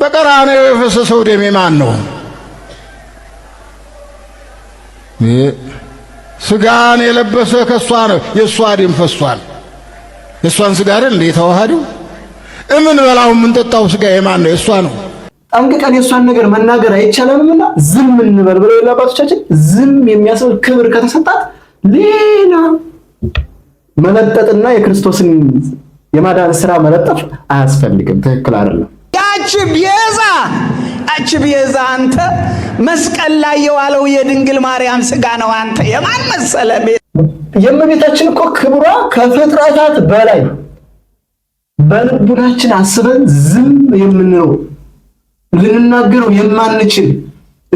በቀራንዮ የፈሰሰው ደሜ የማን ነው? ስጋን የለበሰ ከእሷ ነው። የእሷ ደም ፈሷል። የእሷን ስጋ አይደል እንዴ የተዋሃደው? እምን በላው የምንጠጣው ስጋ የማን ነው? የእሷ ነው። ጠንቅቀን የእሷን ነገር መናገር አይቻለንምና ዝም እንበል ብለው የላባቶቻችን ዝም የሚያስብል ክብር ከተሰጣት ሌላ መለጠጥና የክርስቶስን የማዳን ስራ መለጠፍ አያስፈልግም። ትክክል አይደለም። አች ቤዛ አች ቤዛ አንተ መስቀል ላይ የዋለው የድንግል ማርያም ስጋ ነው። አንተ የማን መሰለ? የእመቤታችን እኮ ክብሯ ከፍጥረታት በላይ በልቡናችን አስበን ዝም የምንለው ልንናገረው የማንችል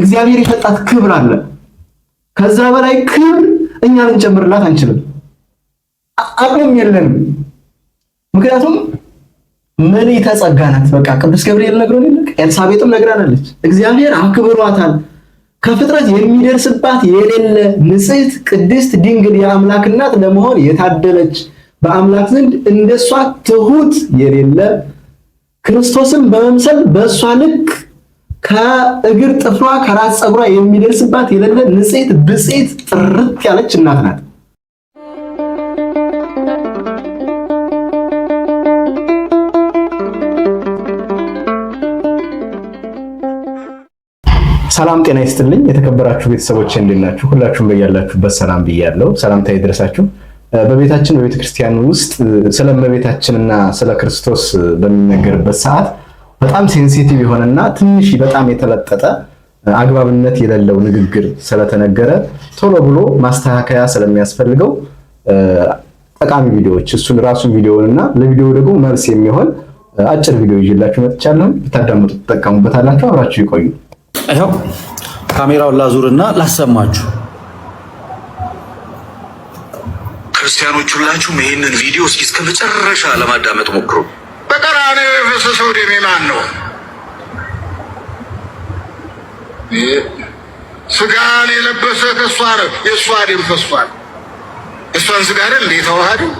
እግዚአብሔር የሰጣት ክብር አለ። ከዛ በላይ ክብር እኛ ልንጨምርላት አንችልም፣ አቅምም የለንም። ምክንያቱም ምን የተጸጋ ናት። በቃ ቅዱስ ገብርኤል ነግሮን ይልቅ ኤልሳቤጥም ነግራናለች። እግዚአብሔር አክብሯታል። ከፍጥረት የሚደርስባት የሌለ ንጽሕት ቅድስት ድንግል የአምላክ እናት ለመሆን የታደለች በአምላክ ዘንድ እንደሷ ትሁት የሌለ ክርስቶስን በመምሰል በእሷ ልክ ከእግር ጥፍሯ ከራስ ፀጉሯ የሚደርስባት የሌለ ንጽሕት ብጽሕት ጥርት ያለች እናት ናት። ሰላም ጤና ይስጥልኝ። የተከበራችሁ ቤተሰቦች እንዴት ናችሁ? ሁላችሁም በያላችሁበት ሰላም ብያለሁ። ሰላምታ ይድረሳችሁ። በቤታችን በቤተ ክርስቲያን ውስጥ ስለ እመቤታችንና ስለ ክርስቶስ በሚነገርበት ሰዓት በጣም ሴንሲቲቭ የሆነና ትንሽ በጣም የተለጠጠ አግባብነት የሌለው ንግግር ስለተነገረ ቶሎ ብሎ ማስተካከያ ስለሚያስፈልገው ጠቃሚ ቪዲዮዎች እሱን ራሱን ቪዲዮውንና ለቪዲዮ ደግሞ መልስ የሚሆን አጭር ቪዲዮ ይዤላችሁ መጥቻለሁ። ብታዳምጡ ትጠቀሙበታላችሁ። አብራችሁ ይቆዩ። ይኸው ካሜራውን ላዙርና ላሰማችሁ። ክርስቲያኖች ሁላችሁም ይህንን ቪዲዮ እስኪ እስከ መጨረሻ ለማዳመጥ ሞክሩ። በቀራንዮ የፈሰሰው ደሜ ማን ነው? ስጋን የለበሰ ከእሷ ነው የእሷ ደም ፈሷል። እሷን ስጋ አይደል እንዴ የተዋሃደው?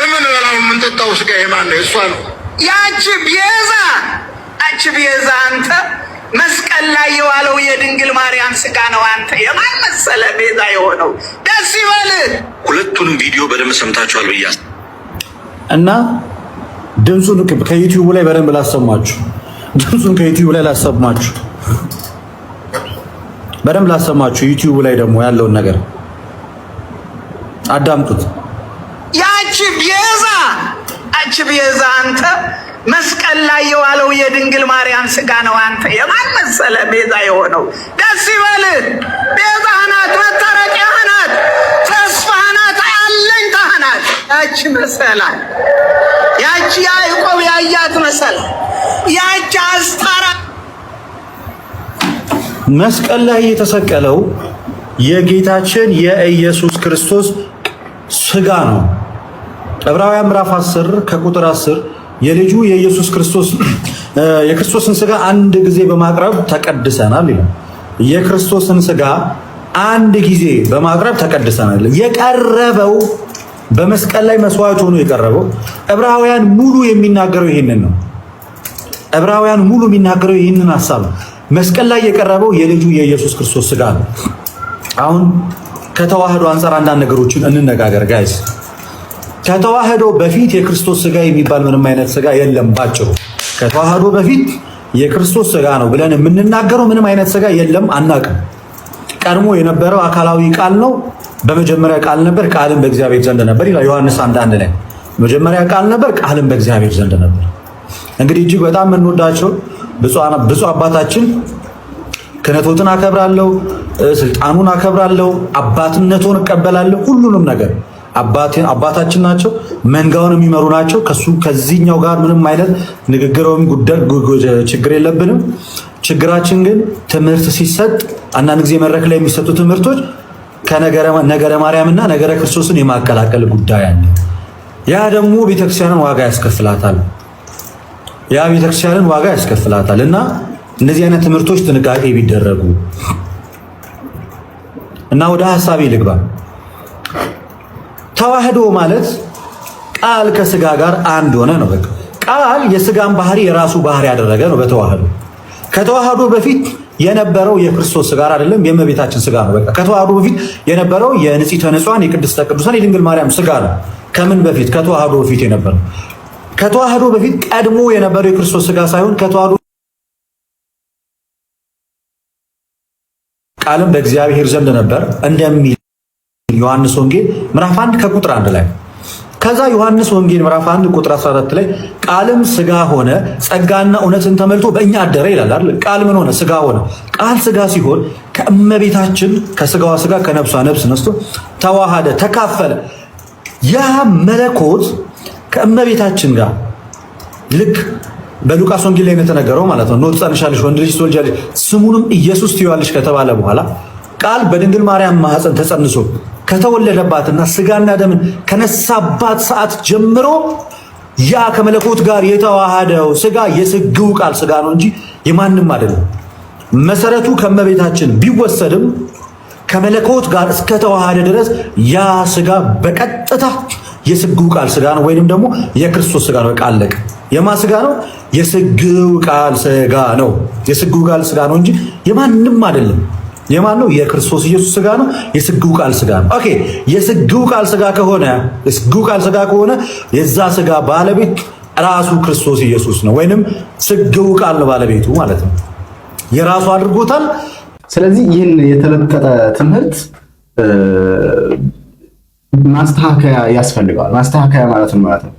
የምንበላው የምንጠጣው ስጋ የማን ነው? የእሷ ነው። ያቺ ቤዛ አቺ ቤዛ አንተ መስቀል ላይ የዋለው የድንግል ማርያም ስጋ ነው። አንተ የማን መሰለ ቤዛ የሆነው ደስ ይበል። ሁለቱንም ቪዲዮ በደንብ ሰምታችኋል ብያ እና ድምፁን ከዩቲዩቡ ላይ በደንብ ላሰማችሁ፣ ድምፁን ከዩቲዩቡ ላይ ላሰማችሁ፣ በደንብ ላሰማችሁ። ዩትዩቡ ላይ ደግሞ ያለውን ነገር አዳምጡት። ያቺ ቤዛ አቺ ቤዛ አንተ መስቀል ላይ የዋለው የድንግል ማርያም ስጋ ነው። አንተ የማን መሰለ ቤዛ የሆነው? ደስ ይበልህ። ቤዛ ናት፣ መታረቂያ ናት፣ ተስፋ ናት፣ አለኝታ ናት። ያቺ መሰላል፣ ያቺ ያዕቆብ ያያት መሰላል፣ ያቺ አስታራ መስቀል ላይ የተሰቀለው የጌታችን የኢየሱስ ክርስቶስ ስጋ ነው። ዕብራውያን ምዕራፍ 10 ከቁጥር 10 የልጁ የኢየሱስ ክርስቶስ የክርስቶስን ስጋ አንድ ጊዜ በማቅረብ ተቀድሰናል ይላል። የክርስቶስን ስጋ አንድ ጊዜ በማቅረብ ተቀድሰናል። የቀረበው በመስቀል ላይ መስዋዕት ሆኖ የቀረበው ዕብራውያን ሙሉ የሚናገረው ይህንን ነው። ዕብራውያን ሙሉ የሚናገረው ይህንን ሀሳብ መስቀል ላይ የቀረበው የልጁ የኢየሱስ ክርስቶስ ስጋ ነው። አሁን ከተዋህዶ አንጻር አንዳንድ ነገሮችን እንነጋገር ጋይስ። ከተዋህዶ በፊት የክርስቶስ ስጋ የሚባል ምንም አይነት ስጋ የለም። ባጭሩ ከተዋህዶ በፊት የክርስቶስ ስጋ ነው ብለን የምንናገረው ምንም አይነት ስጋ የለም፣ አናቅም። ቀድሞ የነበረው አካላዊ ቃል ነው። በመጀመሪያ ቃል ነበር፣ ቃልም በእግዚአብሔር ዘንድ ነበር ይላል ዮሐንስ አንድ አንድ ላይ መጀመሪያ ቃል ነበር፣ ቃልም በእግዚአብሔር ዘንድ ነበር። እንግዲህ እጅግ በጣም የምንወዳቸው ብፁዕ አባታችን ክህነቶትን አከብራለሁ፣ ስልጣኑን አከብራለሁ፣ አባትነቱን እቀበላለሁ፣ ሁሉንም ነገር አባታችን ናቸው። መንጋውን የሚመሩ ናቸው። ከሱ ከዚህኛው ጋር ምንም አይነት ንግግረውም ችግር የለብንም። ችግራችን ግን ትምህርት ሲሰጥ አንዳንድ ጊዜ መድረክ ላይ የሚሰጡ ትምህርቶች ከነገረ ማርያምና ነገረ ክርስቶስን የማቀላቀል ጉዳይ አለ። ያ ደግሞ ቤተክርስቲያንን ዋጋ ያስከፍላታል። ያ ቤተክርስቲያንን ዋጋ ያስከፍላታል እና እነዚህ አይነት ትምህርቶች ጥንቃቄ ቢደረጉ እና ወደ ሀሳቤ ልግባ። ተዋህዶ ማለት ቃል ከስጋ ጋር አንድ ሆነ ነው። በቃ ቃል የስጋን ባህሪ የራሱ ባህሪ ያደረገ ነው። በተዋህዶ ከተዋህዶ በፊት የነበረው የክርስቶስ ስጋ አይደለም፣ የእመቤታችን ስጋ ነው። በቃ ከተዋህዶ በፊት የነበረው የንጽሕተ ንጹሐን የቅድስተ ቅዱሳን የድንግል ማርያም ስጋ ነው። ከምን በፊት? ከተዋህዶ በፊት የነበረው ከተዋህዶ በፊት ቀድሞ የነበረው የክርስቶስ ስጋ ሳይሆን ከተዋህዶ ቃልም በእግዚአብሔር ዘንድ ነበር እንደሚል ዮሐንስ ወንጌል ምዕራፍ 1 ከቁጥር 1 ላይ ከዛ ዮሐንስ ወንጌል ምዕራፍ 1 ቁጥር 14 ላይ ቃልም ስጋ ሆነ ጸጋና እውነትን ተመልቶ በእኛ አደረ ይላል አይደል? ቃል ምን ሆነ? ስጋ ሆነ። ቃል ስጋ ሲሆን ከእመቤታችን ከስጋዋ ስጋ ከነብሷ ነብስ ነስቶ ተዋሃደ፣ ተካፈለ። ያ መለኮት ከእመቤታችን ጋር ልክ በሉቃስ ወንጌል ላይ የተነገረው ማለት ነው። ኖት ጸንሻለሽ፣ ወንድ ልጅ ትወልጃለሽ፣ ስሙንም ኢየሱስ ትይዋለሽ ከተባለ በኋላ ቃል በድንግል ማርያም ማህፀን ተጸንሶ ከተወለደባትና ስጋና ደምን ከነሳባት ሰዓት ጀምሮ ያ ከመለኮት ጋር የተዋሃደው ስጋ የስግው ቃል ስጋ ነው እንጂ የማንም አይደለም። መሰረቱ ከመቤታችን ቢወሰድም ከመለኮት ጋር እስከተዋሃደ ድረስ ያ ስጋ በቀጥታ የስግው ቃል ስጋ ነው፣ ወይንም ደግሞ የክርስቶስ ስጋ ነው። በቃ የማ ስጋ ነው? የስግው ቃል ስጋ ነው። የስግው ቃል ስጋ ነው እንጂ የማንም አይደለም። የማን ነው? የክርስቶስ ኢየሱስ ስጋ ነው። የስግው ቃል ስጋ ነው። ኦኬ የስግው ቃል ስጋ ከሆነ የስግው ቃል ስጋ ከሆነ የዛ ስጋ ባለቤት ራሱ ክርስቶስ ኢየሱስ ነው፣ ወይንም ስግው ቃል ነው ባለቤቱ ማለት ነው። የራሱ አድርጎታል። ስለዚህ ይህን የተለጠጠ ትምህርት ማስተካከያ ያስፈልገዋል። ማስተካከያ ማለት ነው ማለት ነው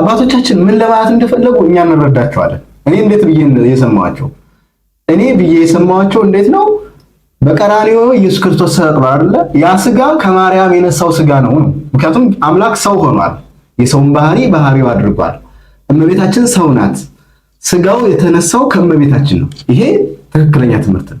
አባቶቻችን ምን ለማለት እንደፈለጉ እኛ እንረዳቸዋለን። እኔ እንዴት ብዬ የሰማቸው እኔ ብዬ የሰማቸው እንዴት ነው በቀራኒዮ ኢየሱስ ክርስቶስ ተሰቅሏል አይደለ? ያ ስጋ ከማርያም የነሳው ስጋ ነው። ምክንያቱም አምላክ ሰው ሆኗል። የሰውን ባህሪ ባህሪው አድርጓል። እመቤታችን ሰው ናት። ስጋው የተነሳው ከእመቤታችን ነው። ይሄ ትክክለኛ ትምህርት ነው።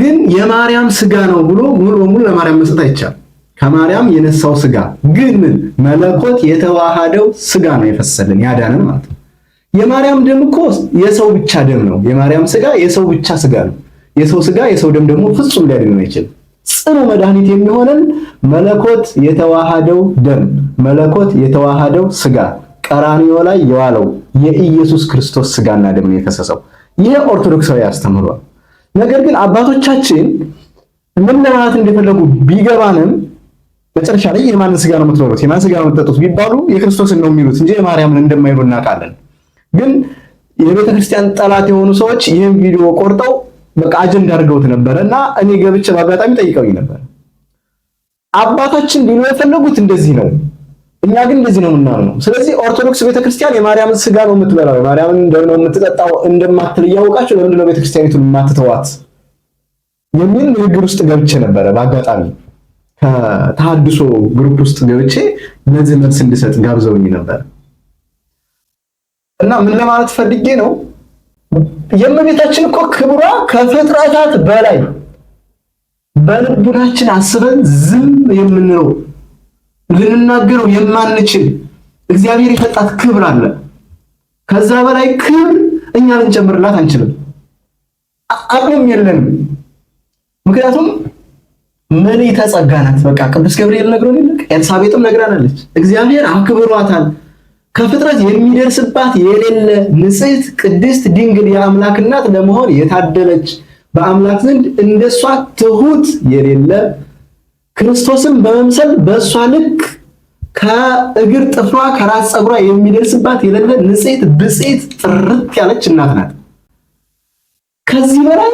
ግን የማርያም ስጋ ነው ብሎ ሙሉ በሙሉ ለማርያም መስጠት አይቻልም። ከማርያም የነሳው ስጋ ግን መለኮት የተዋሃደው ስጋ ነው የፈሰልን ያዳነን ማለት ነው። የማርያም ደም እኮ የሰው ብቻ ደም ነው። የማርያም ስጋ የሰው ብቻ ስጋ ነው። የሰው ስጋ የሰው ደም ደግሞ ፍጹም ሊያድነን አይችልም። ጽኑ መድኃኒት የሚሆንን መለኮት የተዋሃደው ደም መለኮት የተዋሃደው ስጋ ቀራንዮ ላይ የዋለው የኢየሱስ ክርስቶስ ስጋና ደም ነው የፈሰሰው። ይህ ኦርቶዶክሳዊ አስተምሯል። ነገር ግን አባቶቻችን ምን ለማለት እንደፈለጉ ቢገባንም መጨረሻ ላይ የማንን ስጋ ነው የምትበሉት የማን ስጋ ነው የምትጠጡት ቢባሉ የክርስቶስን ነው የሚሉት እንጂ የማርያምን እንደማይሉ እናውቃለን። ግን የቤተክርስቲያን ጠላት የሆኑ ሰዎች ይህን ቪዲዮ ቆርጠው በቃ አጀንዳ አድርገውት ነበረ እና እኔ ገብቼ በአጋጣሚ ጠይቀውኝ ነበር። አባታችን ሊሉ የፈለጉት እንደዚህ ነው፣ እኛ ግን እንደዚህ ነው የምናምነው። ስለዚህ ኦርቶዶክስ ቤተክርስቲያን የማርያምን ስጋ ነው የምትበላው፣ የማርያምን ደም ነው የምትጠጣው እንደማትል እያወቃቸው ለምንድን ነው ቤተክርስቲያኒቱን የማትተዋት የሚል ንግግር ውስጥ ገብቼ ነበረ። በአጋጣሚ ከተሐድሶ ግሩፕ ውስጥ ገብቼ ለዚህ መልስ እንድሰጥ ጋብዘውኝ ነበር እና ምን ለማለት ፈልጌ ነው የእመቤታችን እኮ ክብሯ ከፍጥረታት በላይ በልቡናችን አስበን ዝም የምንለው ልንናገረው የማንችል እግዚአብሔር የሰጣት ክብር አለ። ከዛ በላይ ክብር እኛ ልንጨምርላት አንችልም፣ አቅም የለንም። ምክንያቱም ምን ተጸጋ በቃ ቅዱስ ገብርኤል ነግሮን ይልቅ ኤልሳቤጥም ነግራናለች። እግዚአብሔር አክብሯታል። ከፍጥረት የሚደርስባት የሌለ ንጽሕት ቅድስት ድንግል የአምላክ እናት ለመሆን የታደለች በአምላክ ዘንድ እንደሷ ትሁት የሌለ ክርስቶስን በመምሰል በእሷ ልክ ከእግር ጥፍሯ ከራስ ፀጉሯ የሚደርስባት የሌለ ንጽሕት ብጽሕት ጥርት ያለች እናት ናት። ከዚህ በላይ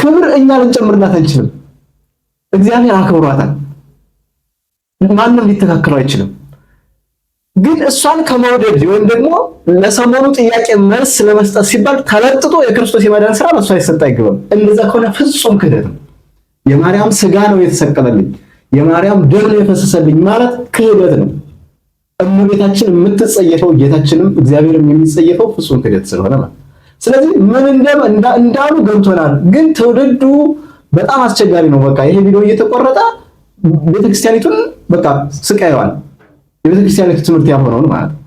ክብር እኛ ልንጨምርላት አንችልም። እግዚአብሔር አክብሯታል። ማንም ሊተካከለው አይችልም። ግን እሷን ከመውደድ ወይም ደግሞ ለሰሞኑ ጥያቄ መልስ ለመስጠት ሲባል ተለጥጦ የክርስቶስ የማዳን ስራ ለእሷ ሊሰጥ አይገባም። እንደዛ ከሆነ ፍጹም ክህደት ነው። የማርያም ስጋ ነው የተሰቀለልኝ፣ የማርያም ደም ነው የፈሰሰልኝ ማለት ክህደት ነው። እመቤታችን የምትጸየፈው ጌታችንም እግዚአብሔርም የሚጸየፈው ፍጹም ክህደት ስለሆነ ማለት ስለዚህ ምን እንዳሉ ገብቶናል። ግን ትውልዱ በጣም አስቸጋሪ ነው። በቃ ይሄ ቪዲዮ እየተቆረጠ ቤተክርስቲያኒቱን በቃ ስቃይዋል የቤተክርስቲያኒቱ ትምህርት ያልሆነውን ማለት ነው።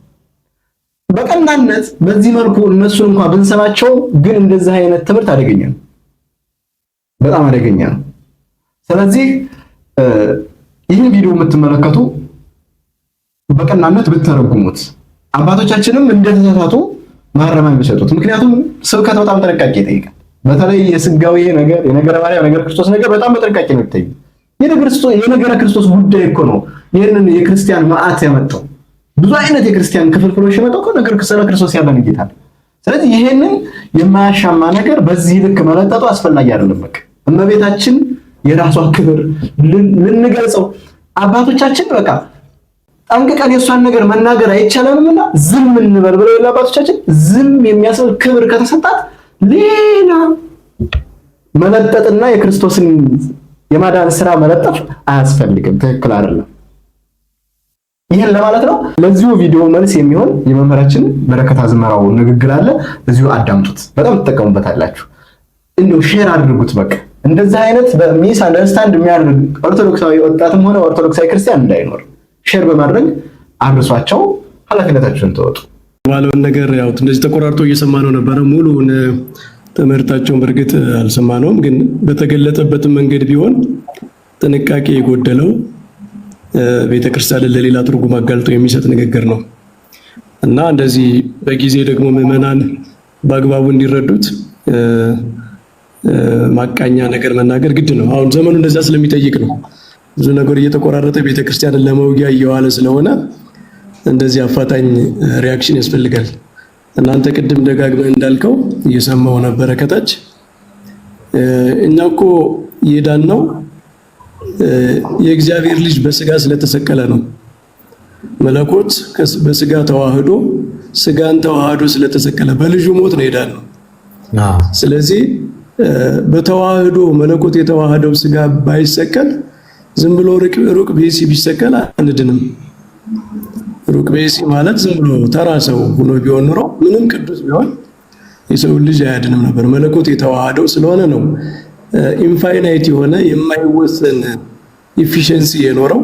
በቀናነት በዚህ መልኩ እነሱን እንኳን ብንሰማቸው ግን እንደዚህ አይነት ትምህርት አደገኛ ነው፣ በጣም አደገኛ ነው። ስለዚህ ይህን ቪዲዮ የምትመለከቱ በቀናነት ብትተረጉሙት አባቶቻችንም እንደተሳሳቱ ማረሚያ ቢሰጡት። ምክንያቱም ስብከት በጣም ጥንቃቄ ይጠይቃል። በተለይ የስጋዊ ነገር የነገረ ማርያም ነገር ክርስቶስ ነገር በጣም በጥንቃቄ ነው ይጠይቃል። የነገረ ክርስቶስ ጉዳይ እኮ ነው። ይህንን የክርስቲያን መዓት ያመጣው ብዙ አይነት የክርስቲያን ክፍልፍሎች የመጣው ነገር ስለ ክርስቶስ ያለን ጌታል። ስለዚህ ይህንን የማያሻማ ነገር በዚህ ልክ መለጠጡ አስፈላጊ አይደለም። በቃ እመቤታችን የራሷ ክብር ልንገልጸው አባቶቻችን በቃ ጠንቅቀን የእሷን ነገር መናገር አይቻለንምና ዝም እንበል ብለው የለ አባቶቻችን ዝም የሚያስብል ክብር ከተሰጣት ሌላ መለጠጥና የክርስቶስን የማዳን ስራ መለጠፍ አያስፈልግም፣ ትክክል አይደለም። ይህን ለማለት ነው። ለዚሁ ቪዲዮ መልስ የሚሆን የመምህራችን በረከት አዝመራው ንግግር አለ። እዚሁ አዳምጡት፣ በጣም ትጠቀሙበታላችሁ። እንዲሁ ሼር አድርጉት። በቃ እንደዚህ አይነት በሚስ አንደርስታንድ የሚያደርግ ኦርቶዶክሳዊ ወጣትም ሆነ ኦርቶዶክሳዊ ክርስቲያን እንዳይኖር ሼር በማድረግ አድርሷቸው፣ ኃላፊነታችሁን ተወጡ። ባለውን ነገር ያው እንደዚህ ተቆራርጦ እየሰማ ነው ነበረ ሙሉውን ትምህርታቸውን በእርግጥ አልሰማነውም፣ ግን በተገለጠበትም መንገድ ቢሆን ጥንቃቄ የጎደለው ቤተክርስቲያንን ለሌላ ትርጉም አጋልጦ የሚሰጥ ንግግር ነው እና እንደዚህ በጊዜ ደግሞ ምዕመናን በአግባቡ እንዲረዱት ማቃኛ ነገር መናገር ግድ ነው። አሁን ዘመኑ እንደዛ ስለሚጠይቅ ነው። ብዙ ነገር እየተቆራረጠ ቤተክርስቲያንን ለመውጊያ እየዋለ ስለሆነ እንደዚህ አፋጣኝ ሪያክሽን ያስፈልጋል። እናንተ ቅድም ደጋግመህ እንዳልከው እየሰማው ነበረ ከታች እኛ እኮ የዳን ነው የእግዚአብሔር ልጅ በስጋ ስለተሰቀለ ነው። መለኮት በስጋ ተዋህዶ ስጋን ተዋህዶ ስለተሰቀለ በልጁ ሞት ነው የዳን ነው። ስለዚህ በተዋህዶ መለኮት የተዋህደው ስጋ ባይሰቀል ዝም ብሎ ሩቅ ቢሲ ቢሰቀል አንድንም ሩቅ ቤሲ ማለት ዝም ብሎ ተራ ሰው ሆኖ ቢሆን ኑሮ ምንም ቅዱስ ቢሆን የሰው ልጅ አያድንም ነበር። መለኮት የተዋሃደው ስለሆነ ነው ኢንፋይናይት የሆነ የማይወሰን ኢፊሽንሲ የኖረው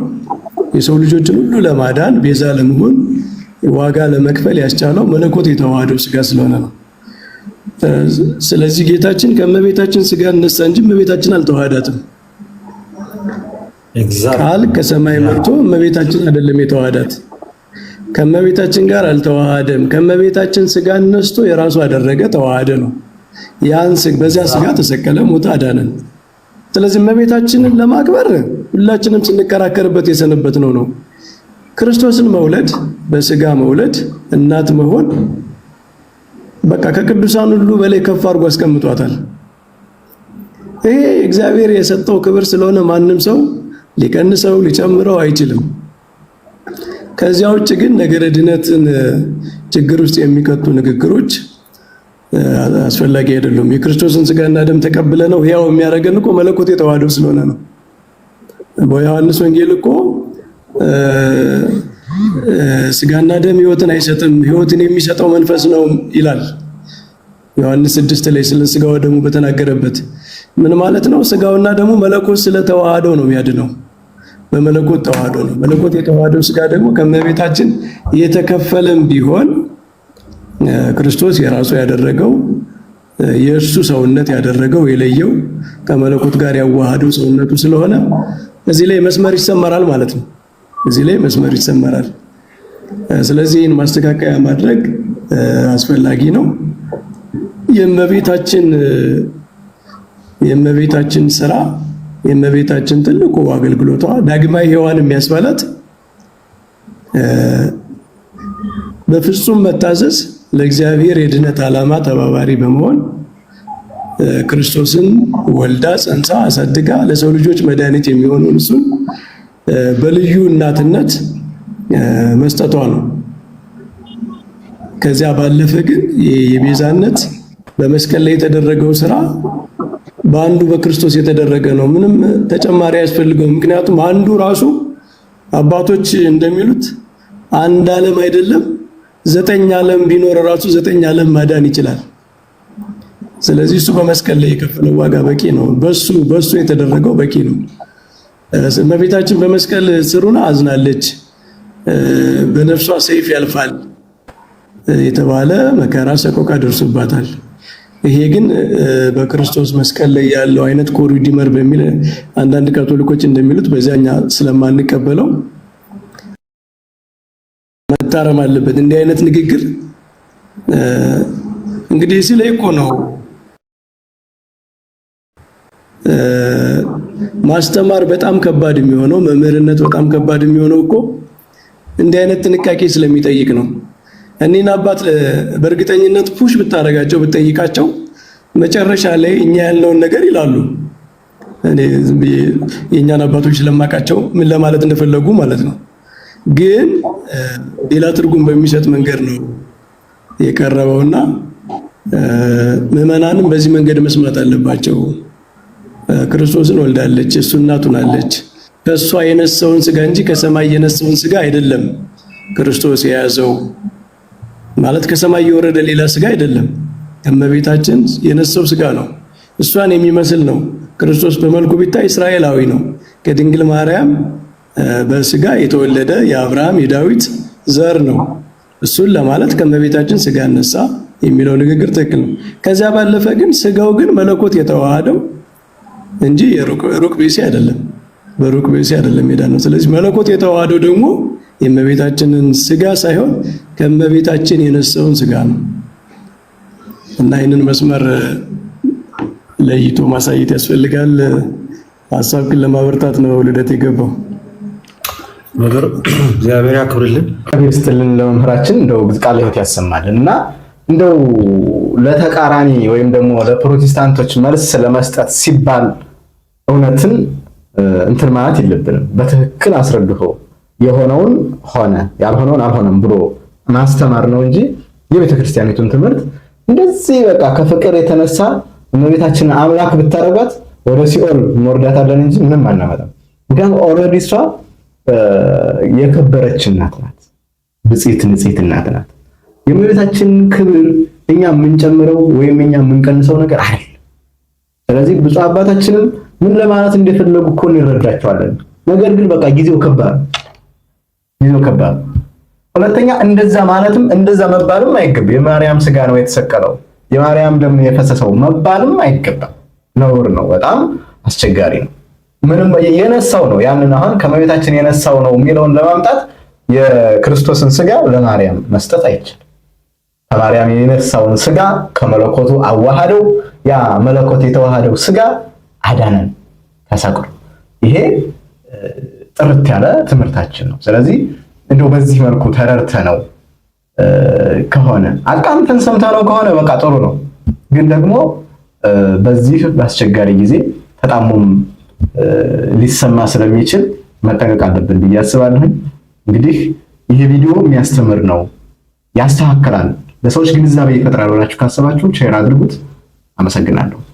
የሰው ልጆችን ሁሉ ለማዳን ቤዛ ለመሆን ዋጋ ለመክፈል ያስቻለው መለኮት የተዋሃደው ስጋ ስለሆነ ነው። ስለዚህ ጌታችን ከእመቤታችን ስጋ እነሳ እንጂ እመቤታችን አልተዋሃዳትም። ቃል ከሰማይ መጥቶ እመቤታችን አይደለም የተዋሃዳት። ከመቤታችን ጋር አልተዋሃደም። ከመቤታችን ስጋ ነስቶ የራሱ አደረገ፣ ተዋሃደ ነው። ያን በዚያ ስጋ ተሰቀለ፣ ሞተ፣ አዳነን። ስለዚህ እመቤታችንን ለማክበር ሁላችንም ስንከራከርበት የሰነበት ነው ነው ክርስቶስን መውለድ በስጋ መውለድ እናት መሆን በቃ ከቅዱሳን ሁሉ በላይ ከፍ አድርጎ አስቀምጧታል። ይሄ እግዚአብሔር የሰጠው ክብር ስለሆነ ማንም ሰው ሊቀንሰው ሊጨምረው አይችልም። ከዚያ ውጭ ግን ነገረ ድነትን ችግር ውስጥ የሚከቱ ንግግሮች አስፈላጊ አይደሉም። የክርስቶስን ስጋና ደም ተቀብለ ነው ያው የሚያደርገን እኮ መለኮት የተዋህዶ ስለሆነ ነው። በዮሐንስ ወንጌል እኮ ስጋና ደም ህይወትን አይሰጥም፣ ህይወትን የሚሰጠው መንፈስ ነው ይላል። ዮሐንስ ስድስት ላይ ስለ ስጋው ደሙ በተናገረበት ምን ማለት ነው? ስጋውና ደሙ መለኮት ስለተዋህዶ ነው የሚያድነው። በመለኮት ተዋህዶ ነው። መለኮት የተዋህደው ስጋ ደግሞ ከእመቤታችን የተከፈለም ቢሆን ክርስቶስ የራሱ ያደረገው የእርሱ ሰውነት ያደረገው የለየው ከመለኮት ጋር ያዋሃደው ሰውነቱ ስለሆነ እዚህ ላይ መስመር ይሰመራል ማለት ነው። እዚህ ላይ መስመር ይሰመራል። ስለዚህ ይህን ማስተካከያ ማድረግ አስፈላጊ ነው። የእመቤታችን የእመቤታችን ስራ የእመቤታችን ትልቁ አገልግሎቷ ዳግማዊ ሔዋን የሚያስባላት በፍጹም መታዘዝ ለእግዚአብሔር የድነት ዓላማ ተባባሪ በመሆን ክርስቶስን ወልዳ ጸንሳ አሳድጋ ለሰው ልጆች መድኃኒት የሚሆነው እሱን በልዩ እናትነት መስጠቷ ነው። ከዚያ ባለፈ ግን የቤዛነት በመስቀል ላይ የተደረገው ስራ በአንዱ በክርስቶስ የተደረገ ነው። ምንም ተጨማሪ አያስፈልገውም። ምክንያቱም አንዱ ራሱ አባቶች እንደሚሉት አንድ ዓለም አይደለም ዘጠኝ ዓለም ቢኖር ራሱ ዘጠኝ ዓለም ማዳን ይችላል። ስለዚህ እሱ በመስቀል ላይ የከፈለው ዋጋ በቂ ነው። በሱ በሱ የተደረገው በቂ ነው። እመቤታችን በመስቀል ስሩን አዝናለች። በነፍሷ ሰይፍ ያልፋል የተባለ መከራ ሰቆቃ ደርሶባታል። ይሄ ግን በክርስቶስ መስቀል ላይ ያለው አይነት ኮሪዲመር በሚል አንዳንድ ካቶሊኮች እንደሚሉት በዚያኛ ስለማንቀበለው መታረም አለበት። እንዲህ አይነት ንግግር እንግዲህ እዚህ ላይ እኮ ነው ማስተማር በጣም ከባድ የሚሆነው መምህርነት በጣም ከባድ የሚሆነው እኮ እንዲህ አይነት ጥንቃቄ ስለሚጠይቅ ነው። እኔን አባት በእርግጠኝነት ፑሽ ብታደርጋቸው ብጠይቃቸው መጨረሻ ላይ እኛ ያለውን ነገር ይላሉ። እኔ ዝም ብዬ የእኛን አባቶች ስለማውቃቸው ምን ለማለት እንደፈለጉ ማለት ነው። ግን ሌላ ትርጉም በሚሰጥ መንገድ ነው የቀረበውና ምዕመናንም በዚህ መንገድ መስማት አለባቸው። ክርስቶስን ወልዳለች፣ እሱ እናቱን አለች። ከእሷ የነሳውን ስጋ እንጂ ከሰማይ የነሳውን ስጋ አይደለም ክርስቶስ የያዘው ማለት ከሰማይ የወረደ ሌላ ስጋ አይደለም። እመቤታችን የነሰው ስጋ ነው። እሷን የሚመስል ነው። ክርስቶስ በመልኩ ቢታይ እስራኤላዊ ነው። ከድንግል ማርያም በስጋ የተወለደ የአብርሃም የዳዊት ዘር ነው። እሱን ለማለት ከእመቤታችን ስጋ ነሳ የሚለው ንግግር ትክክል ነው። ከዚያ ባለፈ ግን ስጋው ግን መለኮት የተዋሃደው እንጂ የሩቅ ቢሲ አይደለም። በሩቅ ብእሲ አይደለም ሜዳ ነው። ስለዚህ መለኮት የተዋሃደው ደግሞ የእመቤታችንን ስጋ ሳይሆን ከእመቤታችን የነሳውን ስጋ ነው እና ይህንን መስመር ለይቶ ማሳየት ያስፈልጋል። ሀሳብ ግን ለማበርታት ነው ልደት የገባው ነገር እግዚአብሔር ያክብርልን ስትልን ለመምህራችን እንደው ቃለ ሕይወት ያሰማል እና እንደው ለተቃራኒ ወይም ደግሞ ለፕሮቴስታንቶች መልስ ለመስጠት ሲባል እውነትን እንትን ማለት የለብንም። በትክክል አስረድቶ የሆነውን ሆነ ያልሆነውን አልሆነም ብሎ ማስተማር ነው እንጂ የቤተ ክርስቲያኒቱን ትምህርት እንደዚህ በቃ ከፍቅር የተነሳ እመቤታችንን አምላክ ብታደርጓት ወደ ሲኦል አለን እንጂ ምንም አናመጣም። ምክንያቱም ኦልሬዲ እሷ የከበረች እናት ናት፣ ብጽዕት ንጽሕት እናት ናት። የእመቤታችንን ክብር እኛ የምንጨምረው ወይም እኛ የምንቀንሰው ነገር አይደለም። ስለዚህ ብፁዕ አባታችንም ምን ለማለት እንደፈለጉ እኮ እንረዳቸዋለን። ነገር ግን በቃ ጊዜው ከባድ ጊዜው ከባድ። ሁለተኛ እንደዛ ማለትም እንደዛ መባልም አይገባም። የማርያም ስጋ ነው የተሰቀለው የማርያም ደም የፈሰሰው መባልም አይገባም። ነውር ነው፣ በጣም አስቸጋሪ ነው። ምንም የነሳው ነው ያንን አሁን ከመቤታችን የነሳው ነው የሚለውን ለማምጣት የክርስቶስን ስጋ ለማርያም መስጠት አይቻልም። ከማርያም የነሳውን ስጋ ከመለኮቱ አዋሃደው ያ መለኮት የተዋሃደው ስጋ አዳነን ከሰቅሉ። ይሄ ጥርት ያለ ትምህርታችን ነው። ስለዚህ እንደው በዚህ መልኩ ተረድተ ነው ከሆነ አቃምተን ሰምተ ነው ከሆነ በቃ ጥሩ ነው። ግን ደግሞ በዚህ በአስቸጋሪ ጊዜ ተጣሞም ሊሰማ ስለሚችል መጠንቀቅ አለብን ብዬ አስባለሁኝ። እንግዲህ ይህ ቪዲዮ የሚያስተምር ነው፣ ያስተካክላል፣ ለሰዎች ግንዛቤ ይፈጥራል ብላችሁ ካሰባችሁ ሼር አድርጉት። አመሰግናለሁ።